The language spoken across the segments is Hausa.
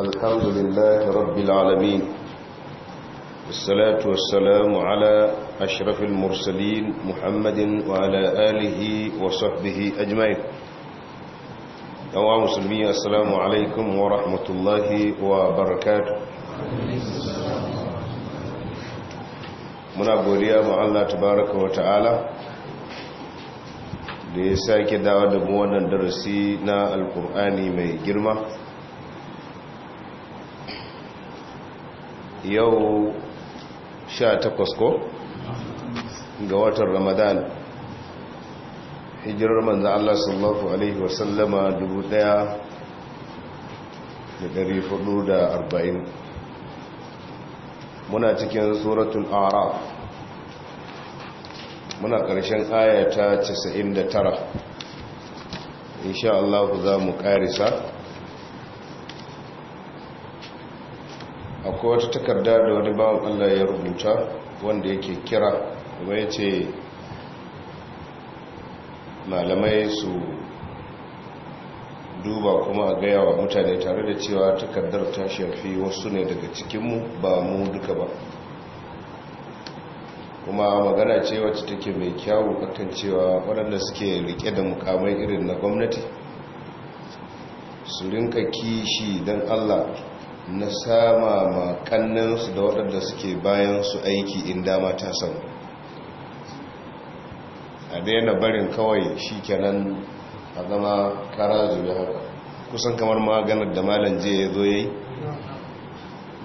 الحمد لله رب العالمين والصلاة والسلام على أشرف المرسلين محمد وعلى آله وصحبه أجمعين يوم مسلمين السلام عليكم ورحمة الله وبركاته من أبو ma Allah tabaraka تبارك وتعالى da ya sake dawo da mu wannan darasi na alkur'ani mai girma yau sha takwas ko ga watan ramadan hijirar manzan Allah sallallahu Alaihi wasallama 1440 muna cikin suratul araf muna ƙarshen aya ta 99 insha Allah za mu ƙarisa akwai wata takarda da wani bawan Allah ya rubuta wanda yake kira kuma ya ce malamai su duba kuma a gaya wa mutane tare da cewa takardar ta shafi wasu ne daga cikinmu ba mu duka ba kuma magana ce wacce take mai kyawu akan cewa waɗanda suke rike da mukamai irin na gwamnati su rinka kishi don allah na sama makannansu da waɗanda suke bayan su aiki in dama ta samu a daina barin kawai shi kenan a zama kara zuwa kusan kamar maganar da malam je ya zo yi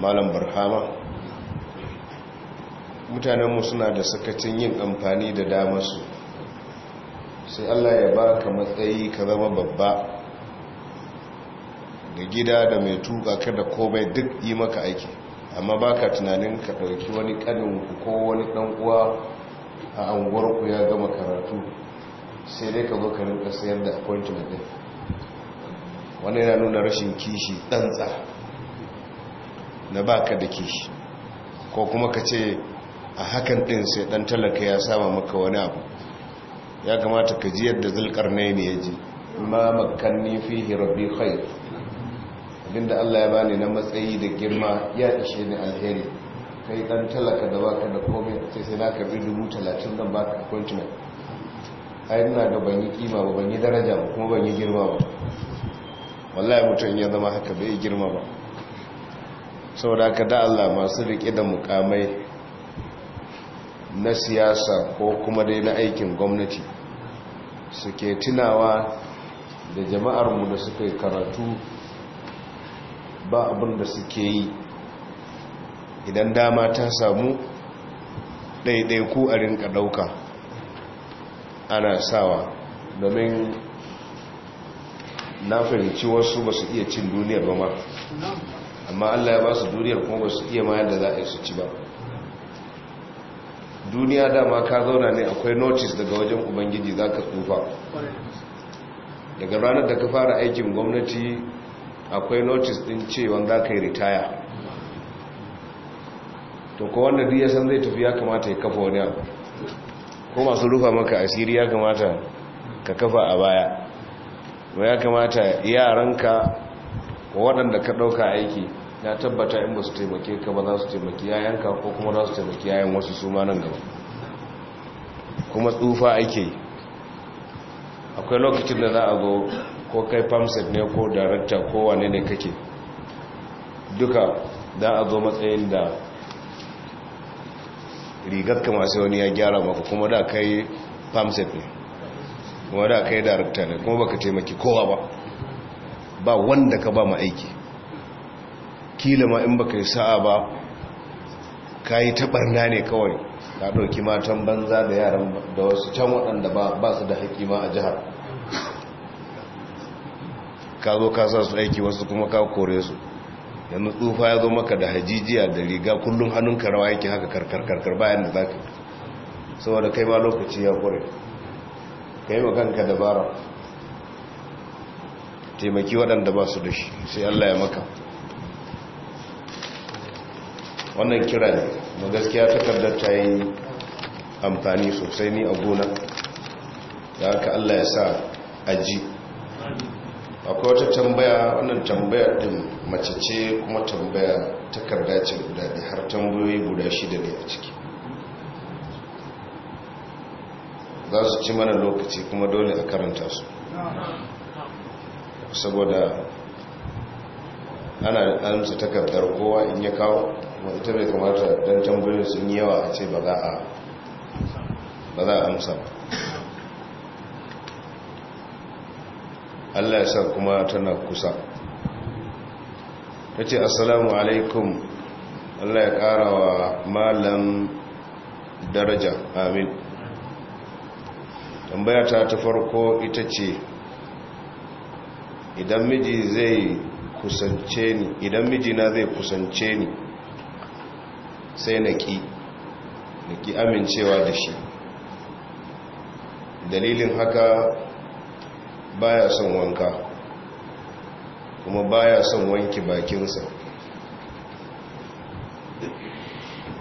malam barhama mutanenmu suna da sakacin yin amfani da damarsu sai allah ya ba ka matsayi ka zama babba da gida da mai tuka kada ko komai duk yi maka aiki amma ba ka tunanin ka ɗauki wani ƙaninku ko wani ɗan'uwa a anguwarku ya gama karatu sai dai ka zo ka rinka sayar da appointment ɗin wani yana nuna rashin kishi ɗantsa na baka da kishi ko kuma ka ce a hakan ɗin sai ɗan talaka ya sama maka wani abu ya kamata ka ji yadda zulkar ne ne ya ji ma makanni fihi rabbi khair abinda Allah ya bani na matsayi da girma ya ishe ni alheri kai ɗan talaka da baka da komai sai sai na karbi dubu talatin zan baka appointment yi ina ga ban yi kima ba ban yi daraja ba kuma ban yi girma ba wallahi mutum ya zama haka bai girma ba saboda haka da Allah masu riƙe da mukamai na siyasa ko kuma dai na aikin gwamnati suke tunawa da jama'armu da suka karatu ba abin da suke yi idan dama ta samu ɗaiɗaiku a rinka ɗauka ana sawa domin na fahimci wasu ba su iya cin duniyar ba ma amma allah ya ba su duniyar kuma ba su iya mayar da za a yi su ci ba duniya dama ka zauna ne akwai notice daga wajen ubangiji za ka tsufa daga ranar da ka fara aikin gwamnati akwai notice din cewa za ka yi ritaya to ko wanda duk ya san zai tafi ya kamata ya kafa wani abu ko masu rufa maka asiri ya kamata ka kafa a baya ya kamata yaranka waɗanda ka ɗauka aiki Ya tabbata in ba su taimake ka ba za su taimaki ka ko kuma za su taimaki yayan wasu su ma nan gaba kuma tsufa ake akwai lokacin da za a zo ko kai famset ne ko darakta ko wane ne kake duka za a zo matsayin da rigar rigarka masu wani ya gyara maka kuma da kai famset ne kuma da kai darakta ne kuma baka taimaki kowa ba ba wanda ka ba ma aiki kila ma in baka yi sa'a ba ka yi taɓarna ne kawai ka ɗauki matan banza da yaran da wasu can waɗanda ba su da haƙi ma a jihar ka zo ka sa su aiki wasu kuma ka kore su yanzu tsufa ya zo maka da hajijiya da riga kullum hannun karawa yake haka karkarkarkar bayan da za ka saboda kai ma lokaci ya kure ka yi kanka dabara taimaki waɗanda ba su da shi sai allah ya maka wannan kira ne ma gaskiya takardar ta yi amfani sosai ni a gona da haka allah ya sa aji akwai wata tambaya wannan tambayar din mace ce kuma tambaya takarda ce guda da har tambayoyi guda shida ne a ciki za su ci mana lokaci kuma dole a karanta su saboda ana amsa takardar kowa in ya kawo kuma ita bai kamata don tambayoyin sun yi yawa a ce ba za a amsa ba allah ya sa kuma tana kusa ta ce assalamu alaikum allah ya kara wa malam daraja amin tambaya ta ta farko ita ce idan miji zai kusance ni idan na zai kusance ni sai na ƙi na ƙi amincewa da shi dalilin haka baya son wanka kuma baya son wanki bakinsa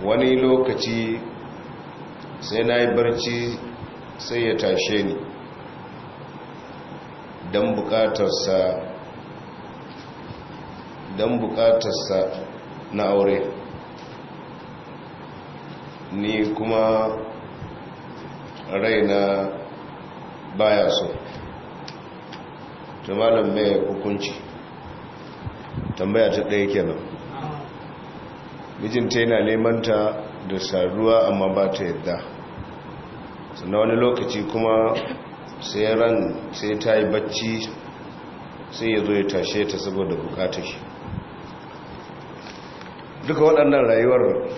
wani lokaci sai na yi barci sai ya tashe ni don buƙatarsa na aure ni kuma raina baya so ta malam mai hukunci tambaya ta ɗaya kenan mijinta yana neman ta da saruwa amma ba ta yadda sannan wani lokaci kuma sai ran sai ta yi bacci sai ya zo ya tashe ta saboda bukatar shi duka waɗannan rayuwar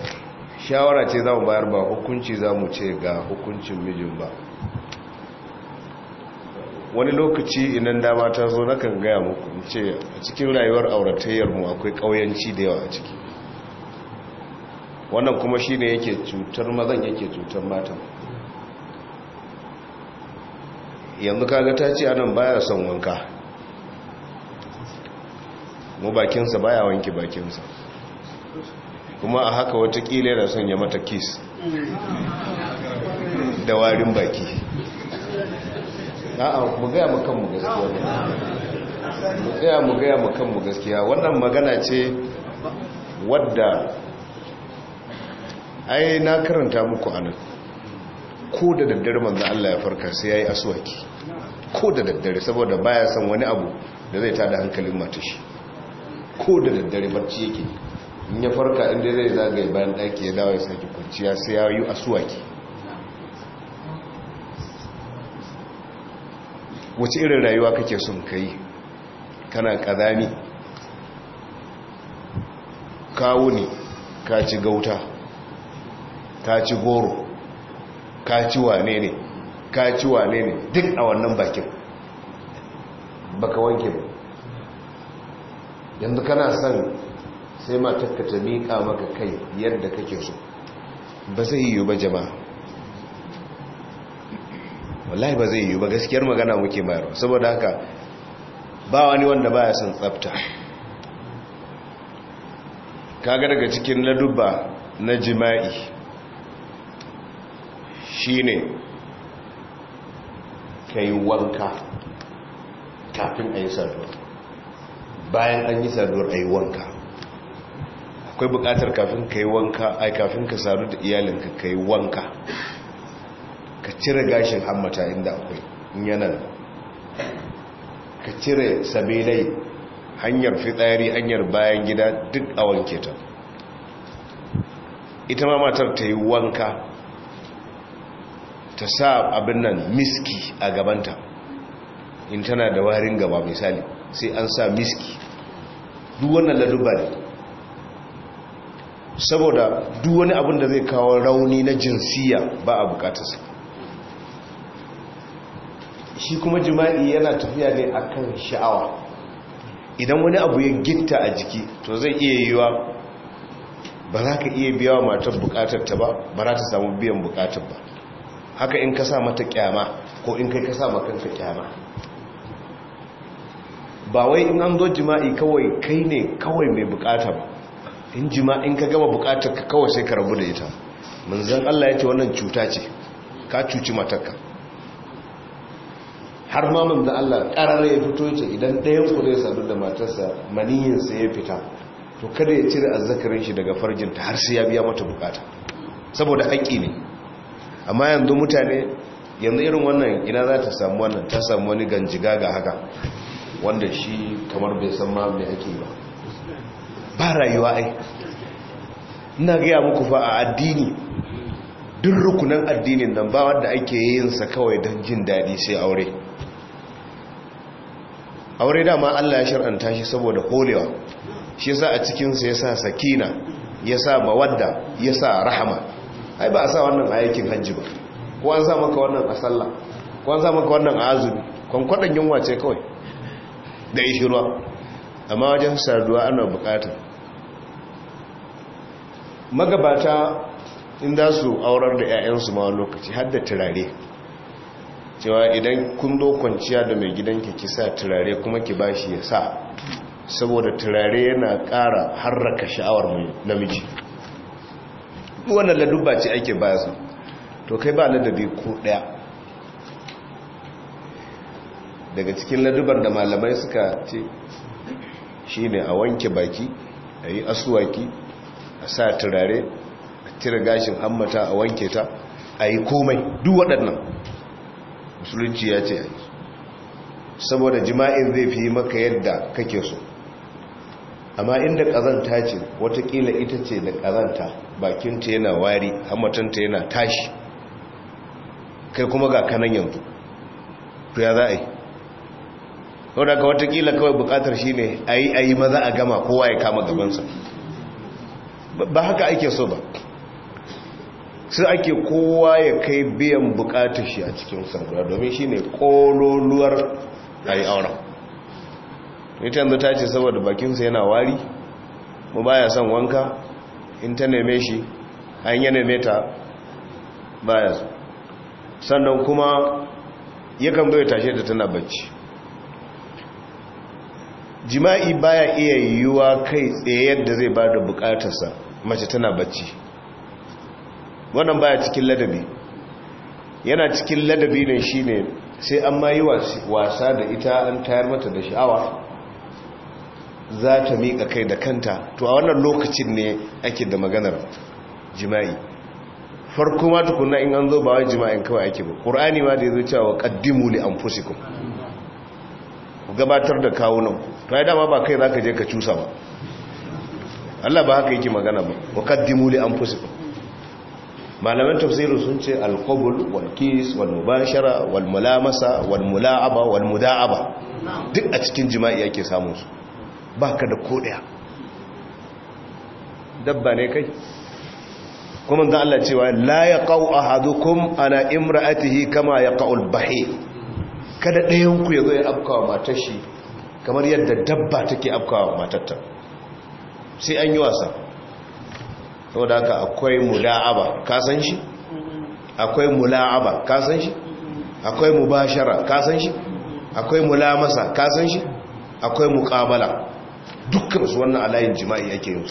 shawara ce za mu bayar ba hukunci za mu ce ga hukuncin mijin ba wani lokaci inan dama ta zo na kan gaya muku ce a cikin rayuwar auratayyarmu akwai ƙauyanci da yawa a ciki wannan kuma shi ne yake cutar mazan yake cutar matan yanzu kaga ta ce anan baya son wanka mu bakinsa baya wanke bakinsa kuma a haka watakila yana son ya mata kis da warin baki a'a mu gaya mu kanmu gaskiya mu tsaya mu gaya mu kanmu gaskiya wannan magana ce wadda ai na karanta muku anan ko da daddare manzo Allah ya farka sai yayi aswaki ko da daddare saboda baya son wani abu da zai tada hankalin matashi ko da daddare barci yake in ya farka inda zai zagaye bayan ɗaki ya dawo ya sake kwanciya sai ya yi asuwaki wace irin rayuwa kake sun kai kana ƙazami kawo ne ka ci gauta ka ci goro ka ci wane ne ka ci wane ne duk a wannan bakin baka wanke ba yanzu kana son sai ma ta miƙa maka kai yadda kake so ba zai yiwu ba jama'a wallahi ba zai yiwu ba gaskiyar magana muke bayarwa. saboda haka ba wani wanda baya son tsafta kaga daga cikin ladubba na jima'i shine kai wanka kafin a yi saduwa. bayan an yi saduwar a yi wanka akwai bukatar kafin ka yi wanka ai kafin ka saru da iyalinka ka yi wanka ka cire gashin hammata inda akwai yanar ka cire sabilai hanyar fitsari hanyar bayan gida duk a wanke ta ita ma matar ta yi wanka ta sa abin nan miski a gabanta in tana da warin gaba misali sai an sa miski duk wannan ladubar saboda duk wani abin da zai kawo rauni na jinsiya ba a bukatarsa shi kuma jima'i yana tafiya ne akan sha'awa idan wani abu ya gitta a jiki to zai iya wa ba za ka iya biya wa matar bukatar ta ba ba za ta samu biyan bukatar ba haka in ka sa mata kyama ko in kai ka sa makanka kyama ba wai in an zo jima'i kawai kai ne kawai mai bukatar ba in jima in ka gama bukatar ka kawai sai ka rabu da ita manzan Allah ya ce wannan cuta ce ka cuci matarka har ma manzan Allah ƙararra ya fito ce idan ɗayan ku zai sadu da matarsa maniyinsa ya fita to kada ya cire azzakarin shi daga farjinta har sai ya biya mata bukata saboda haƙƙi ne amma yanzu mutane yanzu irin wannan ina za ta samu wannan ta samu wani ganjiga ga haka wanda shi kamar bai san ma mai ake ba ba rayuwa ai ina gaya muku fa a addini duk rukunan addinin nan ba wanda ake yinsa kawai don jin daɗi sai aure aure dama allah ya shar'anta shi saboda holewa, shi yasa a cikinsa ya sa sakina ya sa mawadda ya sa rahama ai ba a sa wannan a yakin hajji ba ko an sa maka wannan a sallah ko an sa maka wannan a azumi kwankwadon yunwa ce kawai da ishirwa amma wajen sarduwa ana bukatar magabata inda su aurar da 'ya'yansu ma lokaci har da turare cewa idan kun do kwanciya da mai gidanki ki sa turare kuma ki bashi ya sa saboda turare yana ƙara harraka sha'awar namiji wannan ladubba ce ake ba su to kai ba ladabi ko ɗaya daga cikin ladubar da malamai suka ce shi ne a wanke baki a yi asuwaki sa turare a tira gashin hammata a wanke ta a yi komai duk waɗannan musulunci ya ce saboda jima'in zai fi maka yadda kake so amma inda ƙazanta ce watakila ita ce da ƙazanta bakinta yana wari hammatanta yana tashi kai kuma ga kanan yanzu ku ya za a yi Wadaka watakila kawai bukatar shi ne a a yi maza a gama kowa ya kama gabansa ba haka ake so ba su ake kowa ya kai biyan bukatar shi a cikin sarkura domin shi ne kololuwar a yi auren ita yanzu ta ce saboda bakinsa yana wari mu ya son wanka in ta neme shi an yi neme ta ya sannan kuma ya yakan bai tashe da tana bacci jima'i baya iya yiwuwa kai tsaye yadda zai ba da bukatarsa mace tana bacci wannan baya cikin ladabi yana cikin ladabi ne shine sai an ma wasa da ita an tayar mata da sha'awa za ta miƙa kai da kanta to a wannan lokacin ne ake da maganar jima'i farko ma tukunna in an zo ba wai jima'in kawai ake ba ƙur'ani ma da ya zo cewa ƙaddimu li anfusikum gabatar da kawunan to ai dama ba kai zaka je ka cusa ba Allah ba haka yake magana ba wa qaddimu li anfusikum malaman tafsirin sun ce alqabul wal kis wal mubashara wal mulamasa wal mula'aba wal muda'aba duk a cikin jima'i yake samun su baka da kodaya dabba ne kai kuma da Allah cewa la yaqau ahadukum ana imra'atihi kama yaqaul bahi kada ɗayan ku yazo ya afkawa matar shi kamar yadda dabba take afkawa matar ta sai an yi wasa da aka akwai mula'aba ka shi akwai mula'aba ka shi akwai mubashara ka shi akwai mulamasa ka shi akwai mukabala dukkan su wannan alayin jima'i yake yin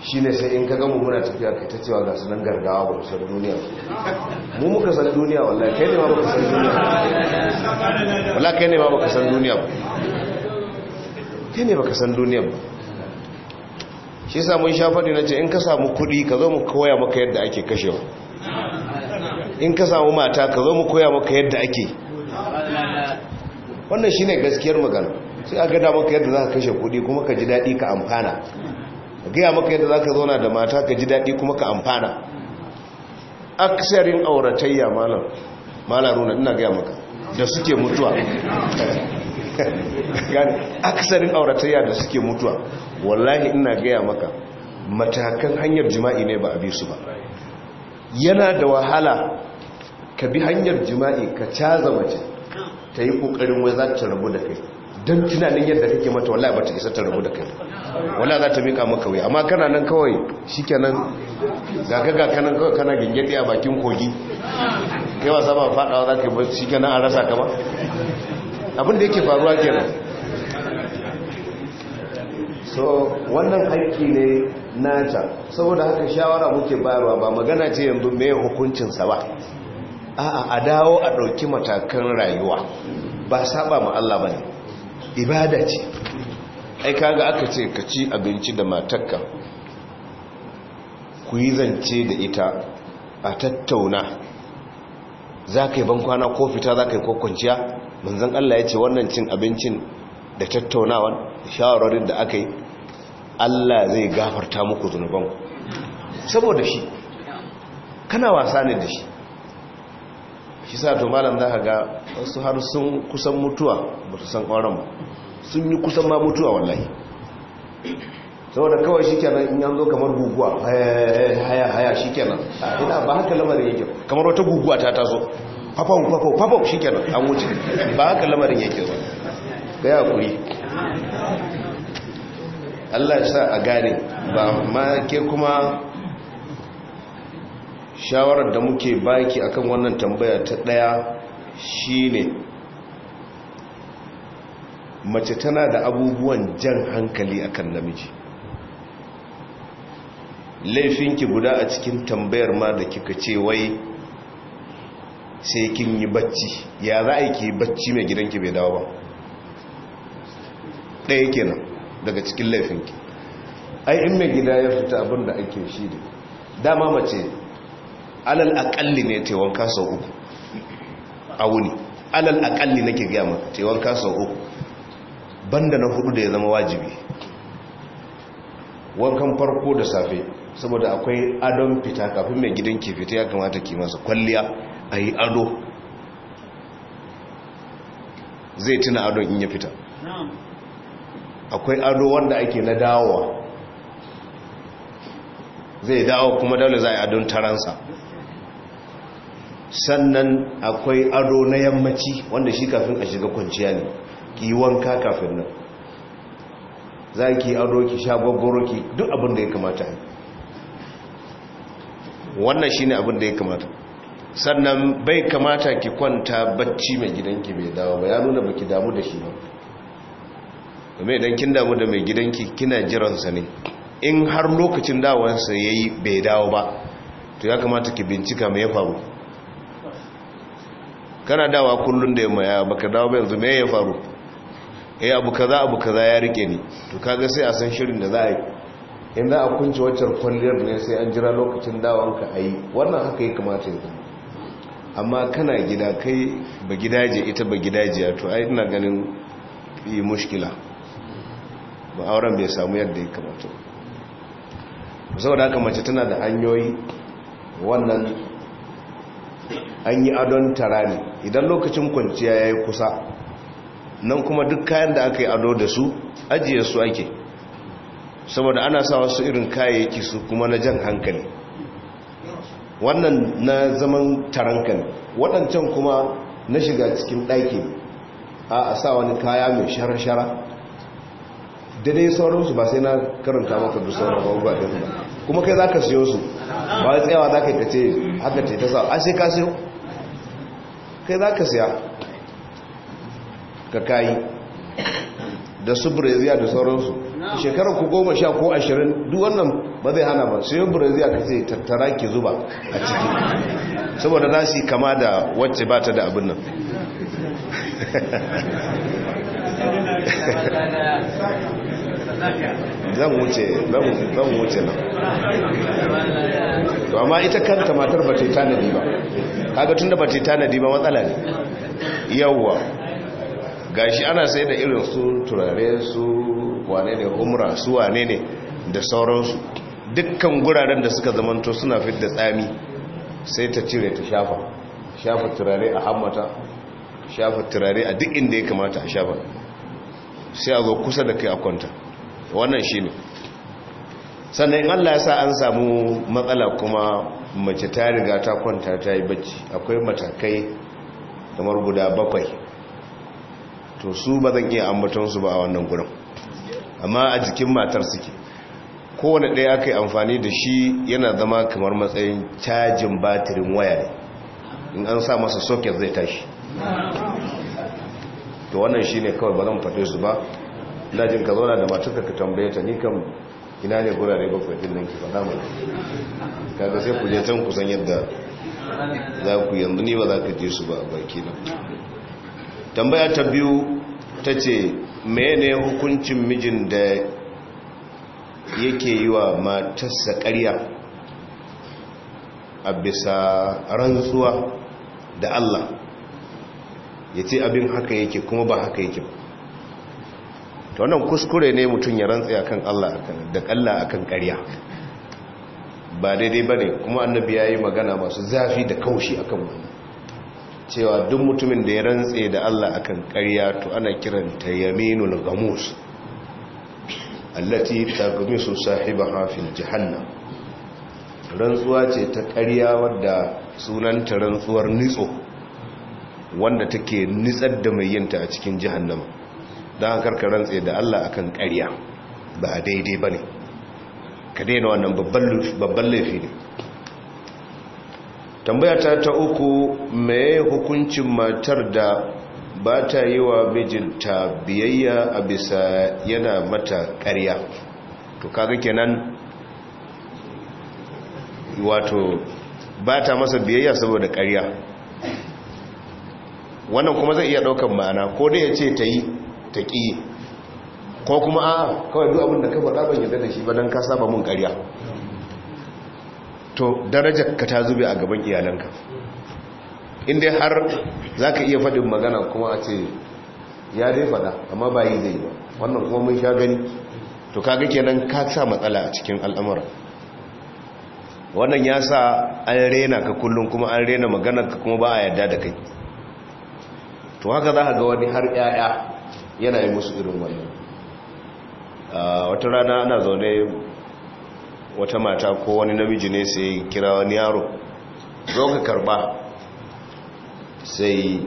su ne sai in kaga mu muna tafiya kai ta cewa ga nan gargawa ba san duniya mu muka san duniya wallahi kai ne ma baka san duniya wallahi kai ne ma baka san duniya kai ne baka san duniya ba shi samun shafari na ce in ka samu kuɗi ka zo mu koya maka yadda ake kashewa in ka samu mata ka zo mu koya maka yadda ake wannan shi ne gaskiyar magana sai a gada maka yadda za ka kashe kuɗi kuma ka ji daɗi ka amfana Ka gaya maka yadda za ka zauna da mata ka ji daɗi kuma ka amfana aksarin auratayya malam malaruna ina gaya maka da suke mutuwa aksarin auratayya da suke mutuwa wallahi ina gaya maka matakan hanyar jima'i ne ba a bi su ba yana da wahala ka bi hanyar jima'i ka caza mace ta yi kokarin wai za ta rabu da kai don tunanin yadda kake mata wallahi ba ta isa ta rabu da kai wala za ta mika maka wai amma kana nan kawai shikenan gaga gaga kanan kawai kana gingedi a bakin kogi kai wasa ba fadawa za ka yi kenan an rasa ka ba abin da yake faruwa kenan so wannan haƙƙi ne nata saboda haka shawara muke bayarwa ba magana ce yanzu mai sa ba a dawo a ɗauki matakan rayuwa ba saba ma Allah bane. ne ibada ce ai kaga aka ce ka ci abinci da matakka ku yi zance da ita a tattauna za ka yi bankwana ko fita za ka yi kwakwanciya manzan Allah ya ce wannan cin abincin da tattaunawan da shawararin da aka yi Allah zai gafarta muku zunuban saboda shi kana wasa ne da shi shi sa to malam za ka ga wasu har sun kusan mutuwa ba su san kwaron ba sun yi kusan ma mutuwa wallahi saboda kawai shi kenan in yanzu kamar guguwa eh, haya haya shi kenan ina ba haka lamarin yake kamar wata guguwa ta taso papau papau papau shi kenan an wuce ba haka lamarin yake ba ga ya kuri Allah ya sa a gane ba ma ke kuma shawarar da muke baki akan wannan tambaya ta daya shine mace tana da abubuwan jan hankali akan namiji laifinki guda a cikin tambayar ma da kika ce wai sai kin yi bacci ya za a yi ki bacci mai gidanki bai dawo ba ɗaya kenan daga cikin laifinki ai in mai gida ya fita abin da ake shi ne dama mace alal akalli ne taiwon sau uku a wuni alal akalli nake gaya maka taiwon sau uku banda na hudu da ya zama wajibi wankan farko da safe saboda akwai adon fita kafin mai gidan ke fita ya kamata ke masa kwalliya a yi ado zai tuna adon in ya fita akwai ado wanda ake na dawowa zai dawo kuma dole za a yi adon taransa sannan akwai ado na yammaci wanda shi kafin a shiga kwanciya ne ki yi wanka kafin nan za ki ado ki sha gwaggoro ki duk abin ya kamata yi wannan shine abin da ya kamata sannan bai kamata ki kwanta bacci mai gidanki bai dawo ba ya nuna baki damu da shi ba kuma idan kin damu da mai gidanki kina jiransa ne in har lokacin dawansa yayi bai dawo ba to ya kamata ki bincika me ya faru kana dawa kullun da yamma ya baka dawo ba yanzu me ya faru eh abu kaza abu kaza ya rike ni to kaga sai a san shirin da za a yi in za a kunci waccan kwalliyar ne sai an jira lokacin dawanka a yi wannan haka yi kamata yi amma kana gida kai ba gidaje ita ba gidaje to ai ina ganin yi mushkila ba auren bai samu yadda ya kamata saboda haka mace tana da hanyoyi wannan an yi adon tara ne idan lokacin kwanciya ya yi kusa nan kuma duk kayan da aka yi ado da su ajiye su ake saboda ana sa wasu irin kayayyaki su kuma na jan hankali wannan na zaman tarankan waɗancan kuma na shiga cikin ɗaki a sa wani kaya mai shara-shara da dai sauransu ba sai na karanta maka duk sauran abubuwa da ba kuma kai za ka siyo su ba ya tsayawa za ka yi ce haka ce ta sa a sai ka siyo kai za ka siya ka kayi da su breziya da sauransu shekarar ku goma sha ko ashirin duk wannan ba zai hana ba sai breziya ka sai tattara ki zuba a ciki saboda za su kama da wacce ba ta da abin nan zan wuce zan wuce nan to amma ita kanta matar ba ta yi tanadi ba kaga tunda ba ta yi tanadi ba matsala ne yawwa gashi ana sai da irin su turare su wane ne umra su wane ne da sauransu dukkan guraren da suka zamanto suna fit da tsami sai ta cire ta shafa shafa turare a hammata shafa turare a duk inda ya kamata a shafa sai a zo kusa da kai a kwanta wannan shi ne sannan allah ya sa an samu matsala kuma mace ta riga ta kwanta ta yi bacci akwai matakai kamar guda bakwai to su ba zan iya ambatonsu ba a wannan gurin amma a jikin matar suke kowane ɗaya aka yi amfani da shi yana zama kamar matsayin cajin batirin waya ne in an sa masa soket zai tashi to wannan shi ne kawai ba zan faɗe su ba ina jin ka zauna da matar ka tambaye ta ni kam ina ne gurare bakwai ɗin nan ki faɗa mai kaga sai ku je can kusan yadda za ku yanzu ni ba za ka je su ba a baki na tambaya ta biyu ta ce mene hukuncin mijin da yake yi wa matarsa ƙarya a bisa rantsuwa da Allah ya ce abin haka yake kuma ba haka yake ba ta wannan kuskure ne mutum ya rantsa ya kan Allah da ƙalla a kan ƙarya ba daidai ba ne kuma annabi ya yi magana masu zafi da kaushi a kan wani cewa duk mutumin da ya rantse da Allah akan karya to ana kiranta yaminul gamus allati tagmisu sahibaha fil jahannam rantsuwa ce ta karya wadda sunanta rantsuwar nitso wanda take nitsar da mai yinta a cikin jahannama don karka rantse da Allah akan karya ba daidai bane ka daina wannan babban laifi ne tambaya ta ta uku mai hukuncin matar da ba ta yi wa mijinta biyayya a bisa yana mata karya to kaga kenan wato ba ta masa biyayya saboda karya wannan kuma zai iya daukan ma'ana ko dai ya ce ta yi ta ƙi ko kuma a kawai duk abin da ka faɗa ban yadda da shi ba don ka saba mun karya to darajar ka ta zube a gaban iyalanka inda har za ka iya faɗin magana kuma a ce ya dai faɗa amma ba yi zai ba wannan kuma mun sha gani to kaga kenan ka sa matsala a cikin al'amura wannan ya sa an rena ka kullum kuma an rena maganar ka kuma ba a yadda da kai to haka za ka ga wani har 'ya'ya yana yi musu irin wannan ah, wata rana ana zaune wata mata ko wani namiji ne sai kira wani yaro zo ka karba sai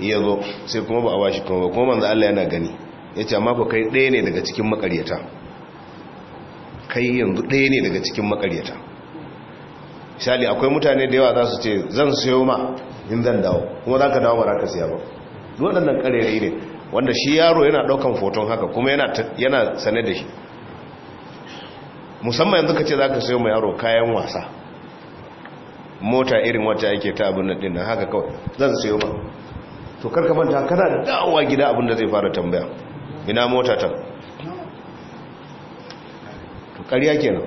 iya zo sai kuma ba a bashi kuma ba kuma manzu Allah yana gani ya ce amma kai ɗaya ne daga cikin makaryata kai yanzu ɗaya ne daga cikin makaryata shali akwai mutane da yawa za su ce zan sayo ma in zan dawo kuma za ka dawo ba za ka siya ba waɗannan ƙarerai ne wanda shi yaro yana ɗaukan foton haka kuma yana sane da shi musamman yanzu ka ce za ka sayo mai yaro kayan wasa mota irin wata ake ta abin da dinnan haka kawai zan sayo ma to karka manta kana dawowa gida abin da zai fara tambaya ina mota ta to kariya kenan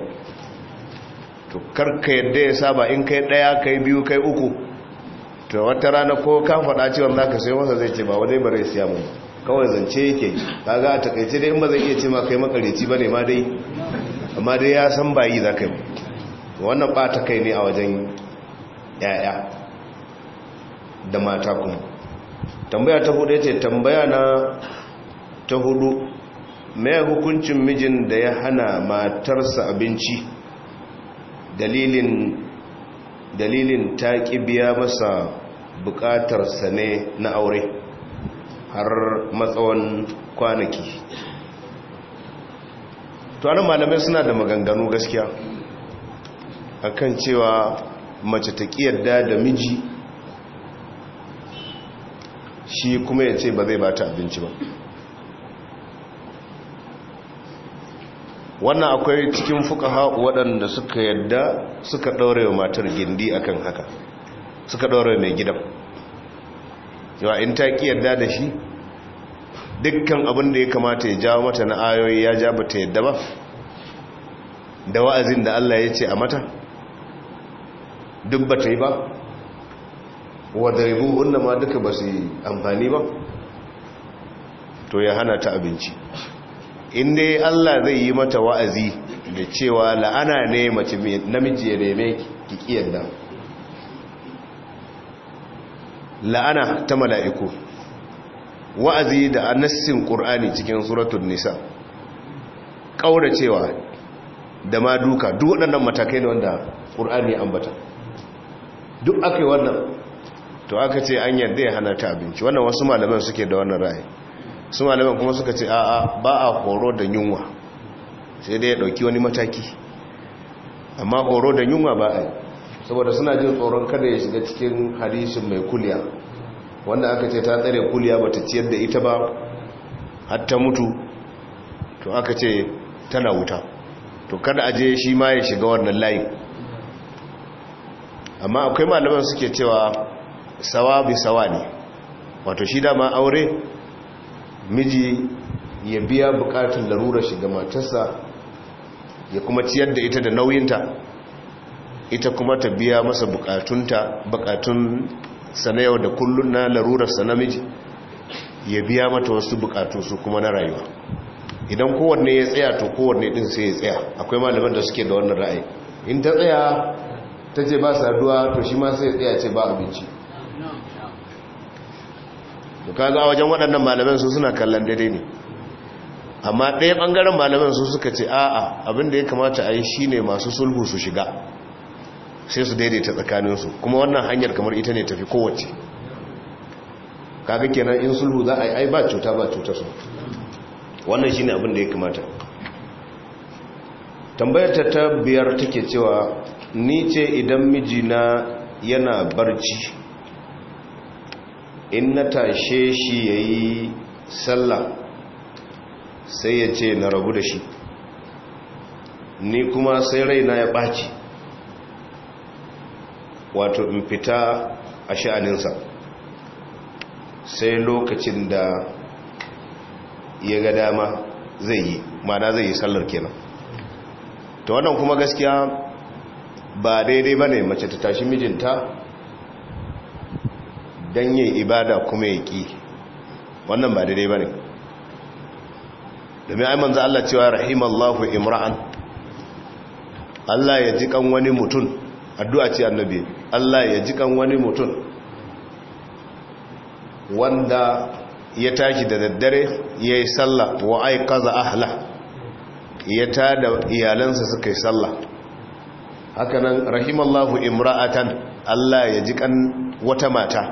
to karka yadda ya saba in kai ɗaya kai biyu kai uku to wata rana ko ka faɗa cewa za ka sayo masa zai ce ba dai bare siya mu kawai zance yake kaga a takaice dai in ba zai iya ce ma kai makareci ba ne ma dai amma dai ya san bayi za ka yi wannan bata kai ne a wajen yaya da mata kuma tambaya ta hudu ya ce tambaya na ta hudu mai hukuncin mijin da ya hana matarsa abinci dalilin ta ta biya masa bukatarsa ne na aure har matsawan kwanaki to anan malamai suna da maganganu gaskiya akan cewa mace ta kiyarda da miji shi kuma ya ce ba zai bata abinci ba wannan akwai cikin fukaha waɗanda suka yadda suka ɗaure wa matar gindi akan haka suka ɗaure mai gidan yawa in ta ƙi yadda da shi dukkan abin da ya kamata ya jawo mata na ayoyi ya ja bata yadda ba da wa'azin da Allah ya ce a mata duk bata yi ba wadaribu wanda ma duka ba su yi amfani ba to ya hana ta abinci inda Allah zai yi mata wa'azi da cewa la'ana ne mace namiji ya neme kikiyar da la'ana ta mala'iku wa'azi da nassin ƙur'ani cikin suratun nisa ƙauracewa da ma duka duk waɗannan matakai da wanda ƙur'ani ambata duk aka yi wannan to aka ce an yarda ya hana ta abinci wannan wasu malaman suke da wannan ra'ayi su malaman kuma suka ce a'a ba a horo da yunwa sai dai ya ɗauki wani mataki amma horo da yunwa ba a yi saboda suna jin tsoron kada ya shiga cikin hadisin mai kuliya wanda aka ce ta tsare kuliya bata ciyar da ita ba har ta mutu to aka ce tana wuta to kada aje shi ma ya shiga wannan layi amma akwai malaman suke cewa sawa bi sawa ne wato shi dama aure miji ya biya bukatun larura shiga matarsa ya kuma ciyar da ita da nauyinta ita kuma ta biya masa bukatunta bukatun sana yau da kullum na larurarsa namiji ya biya mata wasu bukatu su kuma na rayuwa idan kowanne ya tsaya to kowanne din sai ya tsaya akwai malaman da suke da wannan ra'ayi in ta tsaya ta ce ba saduwa to shi ma sai tsaya ce ba abinci to kaga wajen waɗannan malaman su suna kallon daidai ne amma ɗaya ɓangaren malaman su suka ce a'a abin da ya kamata a yi shine masu sulhu su shiga sai su daidaita tsakaninsu kuma wannan hanyar kamar ita ne tafi kowace kaga kenan in sulhu za a yi ba cuta ba cuta su wannan shine abin da ya kamata tambayar ta ta biyar take cewa ni ce idan mijina yana barci in na tashe shi yayi sallah sai ya ce na rabu da shi ni kuma sai raina ya ɓaci wato in fita a sha'aninsa sai lokacin da ya ga dama zai yi mana zai yi sallar kenan ta wannan kuma gaskiya ba daidai ba ne mace ta tashi mijinta don yin ibada kuma ya ƙi wannan ba daidai ba ne domin aiman za Allah cewa rahimallahu imra'an Allah ya ji kan wani mutum addu'a ce annabi Allah ya ji kan wani mutum wanda ya tashi da daddare ya yi sallah wa aikaza ahla ya ta da iyalansa suka yi sallah hakanan rahimallahu imra'atan Allah ya ji kan wata mata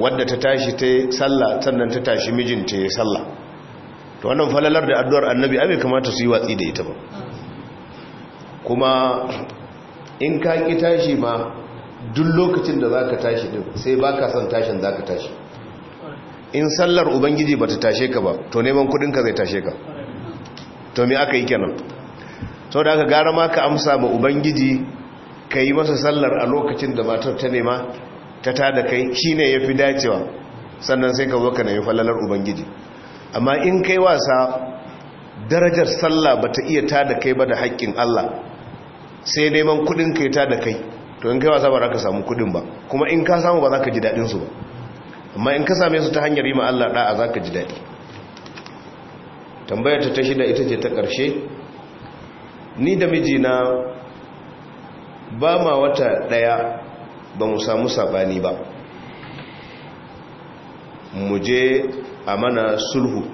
wadda ta tashi ta sallah sannan ta tashi mijinta ya sallah to wannan falalar da addu'ar annabi abin kamata su yi watsi da ita ba kuma in ka ƙi tashi ma duk lokacin da za ka tashi duk sai ba ka son tashin za ka tashi in sallar ubangiji ba ta tashe ka ba to neman kudinka zai tashe ka to aka yi kenan sau da aka gara ma ka amsa ma ubangiji ka yi masa sallar a lokacin da matar ta nema ta tada kai shi ne ya fi dacewa sannan sai ka zo ka yi falalar ubangiji amma in kai wasa darajar sallah ba ta iya tada kai ba da haƙƙin allah sai neman kudin ka ta da kai to in kai wasa ba za ka samu kudin ba kuma in ka samu ba za ka ji daɗin su ba amma in ka same su ta hanyar yi ma Allah da'a za ka ji daɗi tambayar ta shida ita ce ta ƙarshe ni da mijina ba ma wata ɗaya ba mu samu sabani ba mu je a mana sulhu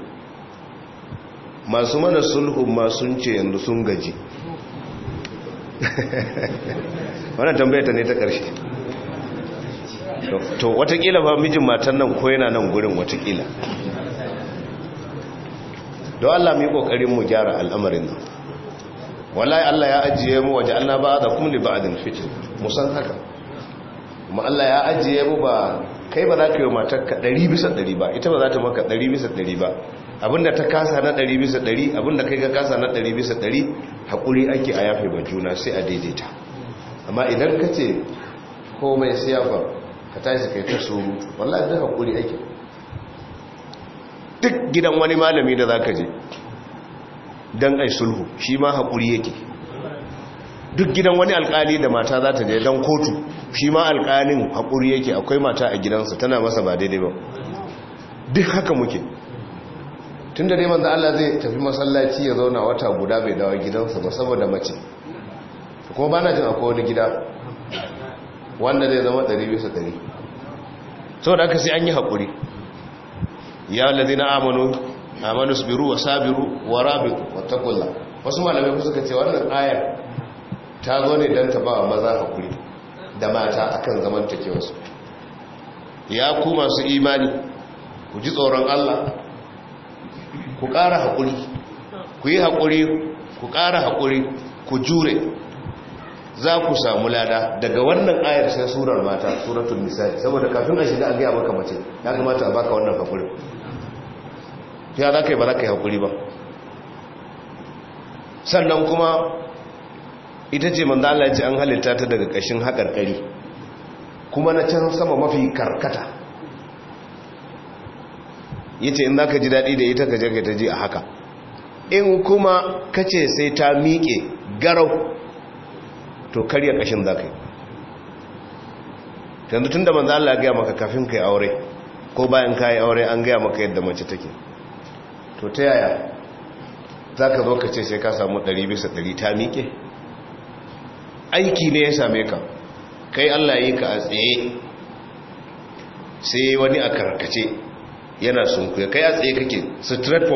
masu mana sulhu ma sun ce yanzu sun gaji wannan tambaya ta ne ta ƙarshe to watakila ba mijin matan nan ko yana nan gurin watakila don Allah mai ƙoƙarin mu gyara al'amarin nan wallahi Allah ya ajiye mu waje Allah ba da kuma liba'adin fitin musan haka kuma Allah ya ajiye mu ba kai ba za ka yi ka 100 bisa 100 ba ita ba za ta maka 100 bisa 100 ba abinda ta kasa na 100 bisa 100 abinda kai ka kasa na 100 bisa ɗari. haƙuri ake a yafe ba juna sai a daidaita amma idan ka ce komai sai yafa ka tashi kai ta surutu wallahi da haƙuri ake duk gidan wani malami da za ka je don ai sulhu shi ma haƙuri yake duk gidan wani alƙali da mata za ta je don kotu shi ma alƙalin haƙuri yake akwai mata a gidansa tana masa ba daidai ba duk haka muke tun da dai manzo Allah zai tafi masallaci ya zauna wata guda bai dawa gidansa ba saboda mace ko ba na jin akwai wani gida wanda zai zama 200 Sau saboda aka sai an yi haƙuri ya lalazi na amonu amonu su biru wa sabiru wa rabiru wa takwallah wasu malamai suka ce wannan ayar ta zo ne don ta wa maza haƙuri da mata akan wasu. ya ku masu imani ku ji tsoron Allah ku ƙara haƙuri ku yi haƙuri ku ƙara haƙuri ku jure za ku samu lada daga wannan ayar sai surar mata suratul misali saboda kafin a shiga a gaya baka mace ya kamata a baka wannan haƙuri ya za ka yi ba za ka yi haƙuri ba sannan kuma ita ce manzala ya ce an halitta ta daga ƙashin haƙarƙari kuma na can sama mafi karkata ya ce in za ka ji daɗi da ita ka jirga ta ji a haka in kuma ka ce sai ta miƙe garau to karya ƙashin za ka yi Tunda tun da manzan Allah gaya maka kafin ka yi aure ko bayan ka yi aure an gaya maka yadda mace take to ta yaya za ka zo ka ce sai ka samu ɗari bisa ɗari ta miƙe aiki ne ya same ka kai Allah yi ka a tsaye sai wani a karkace yana sunkuya kai a tsaye kake straight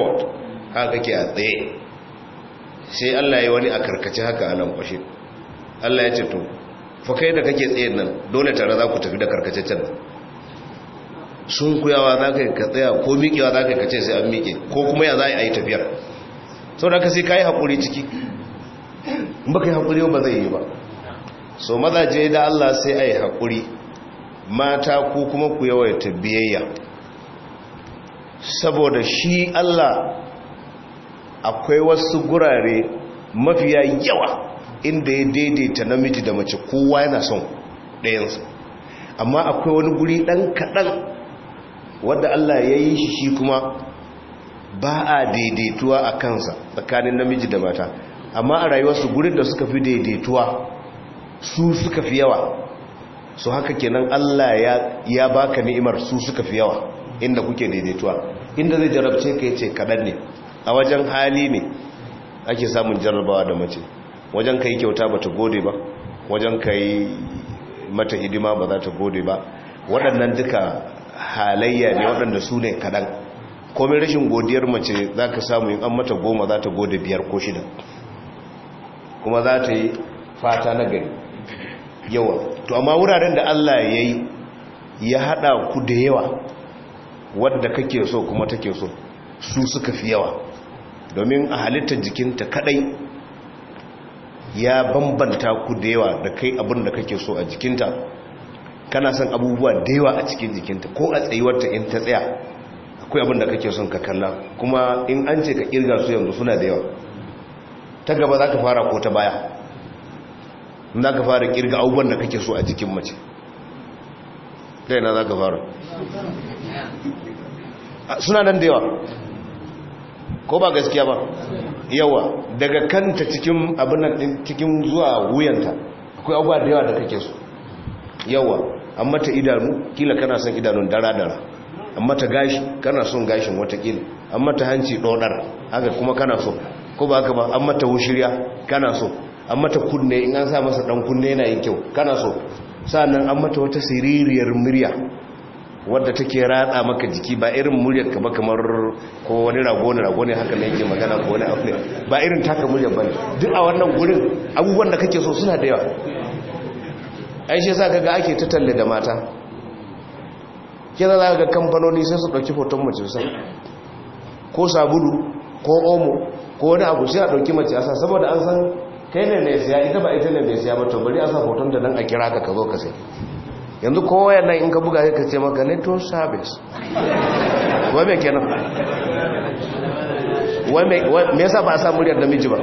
haka kake a tsaye sai Allah ya wani a karkace haka a nan kwashe Allah ya ce to fa kai da kake tsaye nan dole tare za ku tafi da karkacen nan sunkuyawa za ka ka tsaya ko miƙewa za ka yi kace sai an miƙe ko kuma ya za a yi tafiyar sau da ka sai ka yi haƙuri ciki ba ka yi haƙuri ba zai yi ba so mazaje da Allah sai a yi haƙuri mata ku kuma ku yawaita biyayya saboda shi Allah akwai wasu gurare mafiya yawa inda ya daidaita namiji da mace kowa yana son ɗayansa amma akwai wani guri ɗan kaɗan wadda Allah ya yi shi shi kuma ba a daidaituwa a kansa tsakanin namiji da mata amma a rayuwarsu gurin da suka fi daidaituwa su suka fi yawa su haka kenan Allah ya baka ni'imar su suka fi yawa inda kuke daidaituwa inda zai jarabce ka yace kadan ne a wajen hali ne ake samun jarrabawa da mace wajen kai kyauta ba ta gode ba wajen kai mata hidima ba za ta gode ba waɗannan duka halayya ne waɗanda su ne kaɗan komai rashin godiyar mace za ka samu yin an mata goma za ta gode biyar ko shida kuma za ta yi fata na gari yawa to amma wuraren da allah ya yi ya haɗa ku da yawa wadda kake so kuma take so su suka fi yawa domin a halittar jikinta kadai ya bambanta ku da yawa da kai abin da kake so a jikinta kana son abubuwa da yawa a cikin jikinta ko a tsayuwarta in ta tsaya akwai abin da kake son ka kalla kuma in an ce ka kirga su yanzu suna da yawa ta gaba za ka fara ko ta baya za ka fara kirga abubuwan da kake so a jikin mace ɗaya na za ka fara suna nan da yawa ko ba gaskiya ba yawa daga kanta cikin abin nan cikin zuwa wuyanta akwai abuwa da yawa da kake su yawa amma ta idanu kila kana son idanun dara-dara amma ta gashi kana son gashin watakila amma ta hanci dodar haka kuma kana so ko ba haka ba amma ta wushirya kana so amma ta kunne in an sa masa dan kunne yana yin kyau kana so sannan amma ta wata siririyar murya wadda take ratsa maka jiki ba irin muryar ka ba kamar ko wani rago ne rago ne haka ne yake magana ko wani abu ba irin taka muryar ba duk a wannan gurin abubuwan da kake so suna da yawa ai shi yasa kaga ake ta talle da mata kira za ga kamfanoni sai su dauki hoton mace sai ko sabulu ko omo ko wani abu sai a dauki mace a sa saboda an san kai ne ne siya ita ba ita ne ne siya ba to bari a sa hoton da nan a kira ka ka zo ka sai yanzu kowa nan in ka buga ka ce maka network service wame mai kenan wai mai yasa ba a sa muryar namiji ba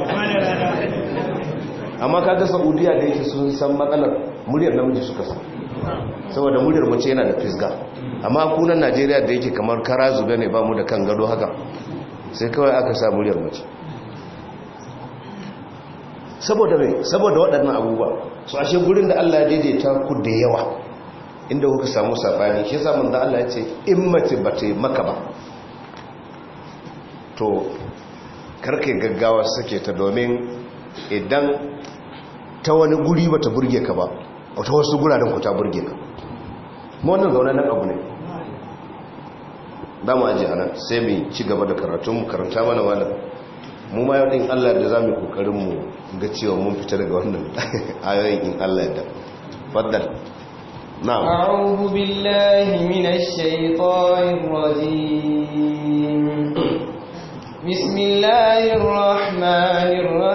amma ka ga saudiya da yake sun san matsalar muryar namiji suka sa saboda muryar mace yana da fisga amma kunan najeriya da yake kamar kara zube ne ba mu da kan gado haka sai kawai aka sa muryar mace saboda saboda waɗannan abubuwa su ashe gurin da Allah daidaita ku da yawa inda kuka samu sabani shi yasa da Allah ya ce in mace ba ta yi maka ba to karke gaggawa suke ta domin idan ta wani guri ba ta burge ka ba ta wasu guraren ku ta burge ka ma wannan zaune nan abu ne za mu aji sai mu ci gaba da karatun mu karanta mana malam mu ma yau din Allah da za mu kokarin mu ga cewa mun fita daga wannan ayoyin in Allah da faddal نعم أعوذ بالله من الشيطان الرجيم بسم الله الرحمن الرحيم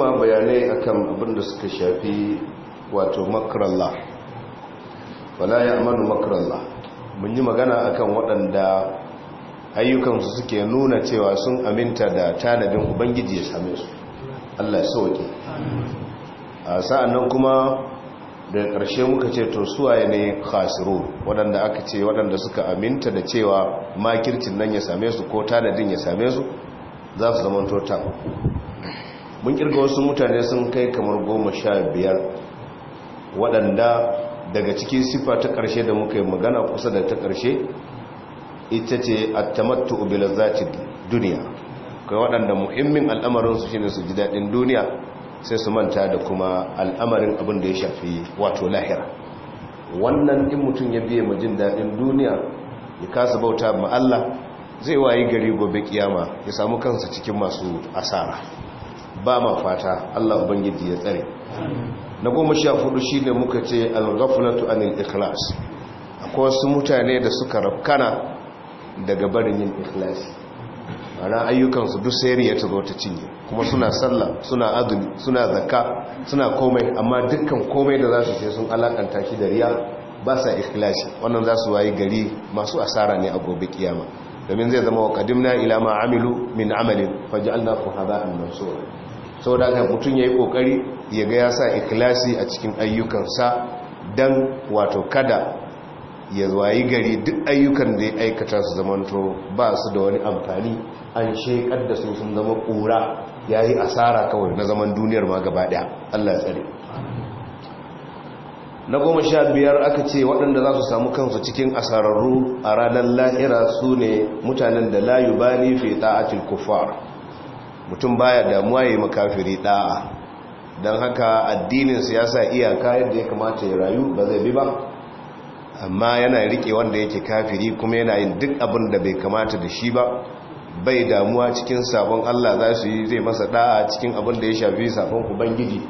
gama bayanai akan abin da suka shafi wato makarallah wala ya amanu makarallah mun yi magana akan waɗanda ayyukansu suke nuna cewa sun aminta da tanadin ubangiji ya same su allah ya sauke a sa'an nan kuma da ƙarshe muka ce to suwaye ne khasiru waɗanda aka ce waɗanda suka aminta da cewa makircin nan ya same su ko tanadin ya same su za su zama tota mun kirga wasu mutane sun kai kamar goma sha biyar waɗanda daga cikin sifa ta ƙarshe da muka yi magana kusa da ta ƙarshe ita ce attamattu ubila zati duniya kai waɗanda muhimmin al'amarinsu shine su ji daɗin duniya sai su manta da kuma al'amarin abin da ya shafi wato lahira wannan in mutum ya biya ma jin daɗin duniya ya kasa bauta ma Allah zai wayi gari gobe kiyama ya samu kansa cikin masu asara ba ma fata Allah ubangiji ya tsare na goma sha fudu shi ne muka ce al-ghaflatu anil ikhlas akwai wasu mutane da suka rafkana daga barin yin ikhlas. ana ayyukansu duk sayar ta zo ta cinye kuma suna sallah suna azumi suna zakka suna komai amma dukkan komai da za su sun alakanta shi da riya ba sa ikhlas. wannan za su wayi gari masu asara ne a gobe kiyama domin zai zama wa kadimna ila ma amilu min amalin ku haba'an mansura sau da ga mutum ya yi ƙoƙari ya ga ya sa ikilasi a cikin ayyukansa don wato kada ya wayi gari duk ayyukan da ya aikata su zamanto ba su da wani amfani an shekar da su sun zama kura ya yi asara kawai na zaman duniyar ma gaba daya allah tsari na goma sha biyar aka ce waɗanda za su samu kansu cikin asararru a ranar lahira su ne mutanen da layu ba ni feta a mutum baya damuwa ya yi makafiri da'a don haka addininsu ya sa iyaka yadda ya kamata ya rayu ba zai bi ba amma yana rike wanda yake kafiri kuma yana yin duk abin da bai kamata da shi ba bai damuwa cikin sabon Allah za su yi zai masa da'a cikin abin da ya shafi sabon ubangiji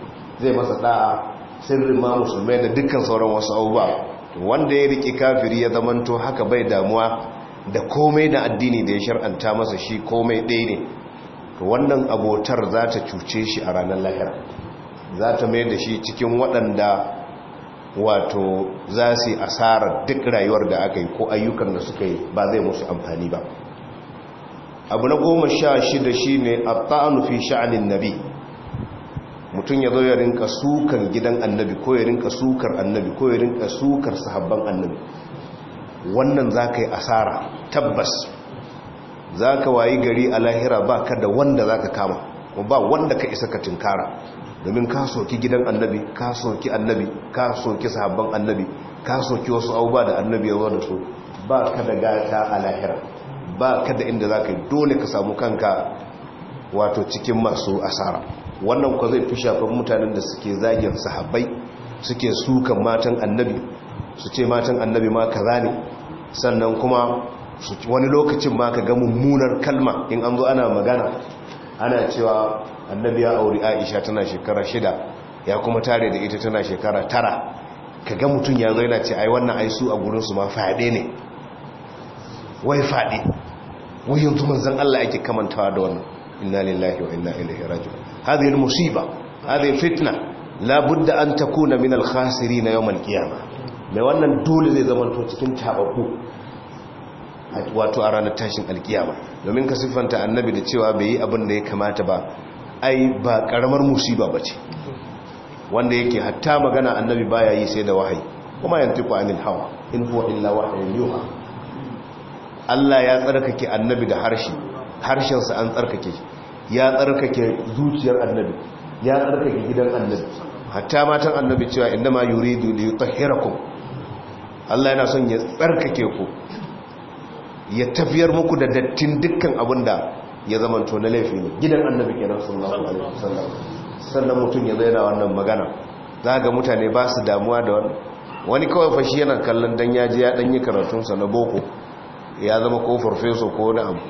zai masa da'a sirrin ma musulmai da dukkan sauran wasu abubuwa wanda ya rike kafiri ya zamanto haka bai damuwa da komai da addini da ya shar'anta masa shi komai ɗaya ne to wannan abotar za ta cuce shi a ranar lahira za ta mai da shi cikin waɗanda wato za su yi asarar duk rayuwar da aka yi ko ayyukan da suka yi ba zai musu amfani ba abu na goma sha shida shi ne a ta'anu sha'anin nabi mutum ya zo ya rinka sukan gidan annabi ko ya rinka sukar annabi ko ya rinka sukar sahabban annabi wannan za ka yi asara tabbas za ka wayi gari a lahira ba ka da wanda za ka kama ba wanda ka isa ka tinkara domin ka soki gidan annabi ka soki annabi ka soki sahabban annabi ka soki wasu abubuwa da annabi ya zo da su ba ka da gata a lahira ba ka da inda za ka dole ka samu kanka wato cikin masu asara wannan kwa zai fi shafin mutanen da suke zagin sahabbai suke sukan matan annabi su ce matan annabi ma kaza ne sannan kuma wani lokacin ma ka ga mummunar kalma in an zo ana magana ana cewa annabi ya auri aisha tana shekara shida ya kuma tare da ita tana shekara tara ka ga mutum ya zo yana ce ai wannan ai su a gurinsu ma fade ne wai fade wai yanzu manzon Allah yake kamantawa da wannan inna lillahi wa inna ilaihi raji'un hadhihi musiba hadhihi fitna la budda an takuna min al-khasirin yawm al-qiyamah mai wannan dole zai zama to cikin tababbu wato a ranar tashin alkiyama domin ka siffanta annabi da cewa bai yi abin da ya kamata ba ai ba karamar musiba ba ce wanda yake hatta magana annabi baya yi sai da wahayi kuma yantiku anil hawa in huwa illa wahayin yuha Allah ya tsarkake annabi da harshe harshensa an tsarkake ya tsarkake zuciyar annabi ya tsarkake gidan annabi hatta matan annabi cewa inna ma yuridu li yutahhirakum Allah yana son ya tsarkake ku ya tafiyar muku da dattin dukkan abin da ya zamanto na laifi ne gidan annabi kenan sallallahu alaihi wasallam sannan mutum ya zaina wannan magana za ga mutane ba su damuwa da wani wani kawai fashi yana kallon dan ya je ya dan yi karatunsa na boko ya zama ko farfeso ko wani abu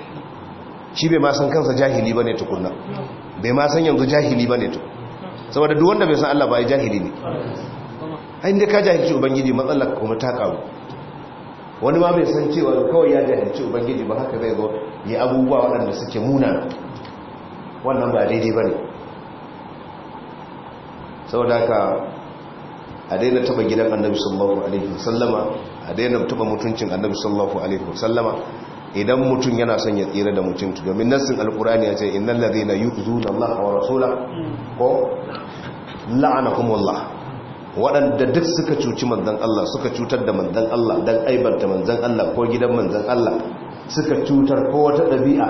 shi bai ma san kansa jahili bane tukunna bai ma san yanzu jahili bane to saboda duk wanda bai san Allah ba ya jahili ne ai inda ka jahilci ubangiji matsalar kuma ta karu wani ma bai san cewa kawai ya jahilci ubangiji ba haka zai zo ya abubuwa waɗanda suke muna wannan ba daidai ba ne da ka a daina taba gidan annabi sallallahu alaihi wasallama a daina taba mutuncin annabi sallallahu alaihi wasallama idan mutum yana son ya tsira da mutum domin nassin alkurani ya ce innal ladhina yu'zuna allaha wa rasula ko la'anahumullah waɗanda duk suka cuci manzan Allah suka cutar da manzan Allah don aibanta manzan Allah ko gidan manzan Allah suka cutar ko wata ɗabi'a